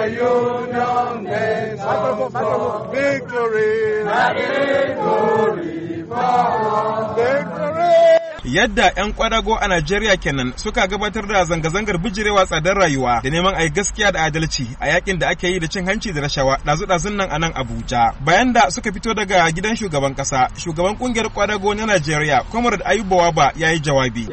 the union makes us one. Victory, victory for all. yadda 'yan kwadago a Najeriya kenan suka gabatar da zanga-zangar bijirewa tsadar rayuwa da neman a yi gaskiya da adalci a yakin da ake yi da cin hanci da rashawa ɗazu-ɗazun nan a nan Abuja. Bayan da suka fito daga gidan shugaban kasa shugaban ƙungiyar kwadago na Najeriya, Comrade Ayuba Waba ya yi jawabi.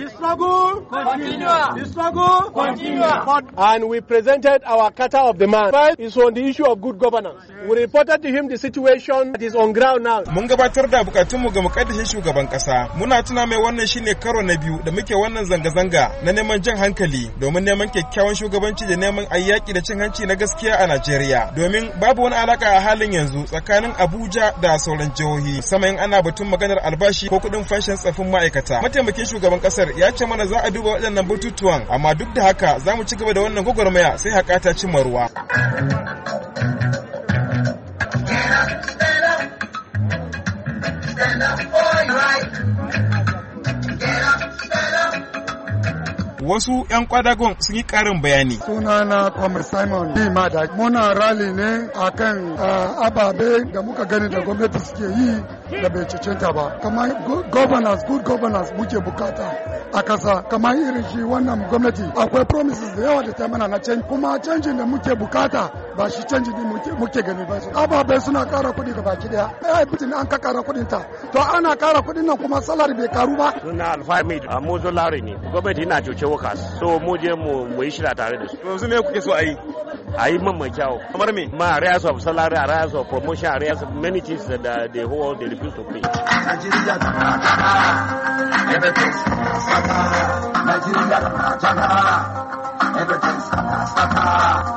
And we presented our kata of the man. is on the issue of good governance. We reported to him the situation that is on ground now. Mun gabatar da bukatunmu ga mukaddashin shugaban kasa Muna tuna mai wannan shine karo na biyu da muke wannan zanga-zanga na neman jan hankali domin neman kyakkyawan shugabanci da neman ayyaki da cin hanci na gaskiya a Najeriya. Domin babu wani alaka a halin yanzu tsakanin Abuja da sauran jihohi sama in ana batun maganar albashi ko kuɗin fashin tsafin ma'aikata. Mataimakin shugaban ƙasar ya ce mana za a duba waɗannan batutuwan amma duk da haka za mu ci gaba da wannan gwagwarmaya sai haƙa ta cimma ruwa. wasu 'yan kwadagon sun yi karin bayani. Sunana Kwamar Simon B. Mada. Muna rali ne akan eh, ababe da muka gani da gwamnati suke yi da bai cancanta ba. Kamar governance, good governance muke bukata a kasa. Kamar irin shi wannan gwamnati akwai promises da yawa da ta mana na canji. Kuma canjin da muke bukata ba shi canji din muke gani ba shi ababe suna kara kuɗi ga baki daya ai bitin an ka kara kuɗin ta to ana kara kuɗin nan kuma salari bai karu ba suna alfamid a mozo lari ne gwamnati na cuce waka so mu je mu yi shira tare da su yanzu me kuke so a yi a yi man mai kyau kamar me ma areas of salary areas of promotion areas of many things that uh, the they refuse to pay Nigeria da Nigeria Nigeria da Nigeria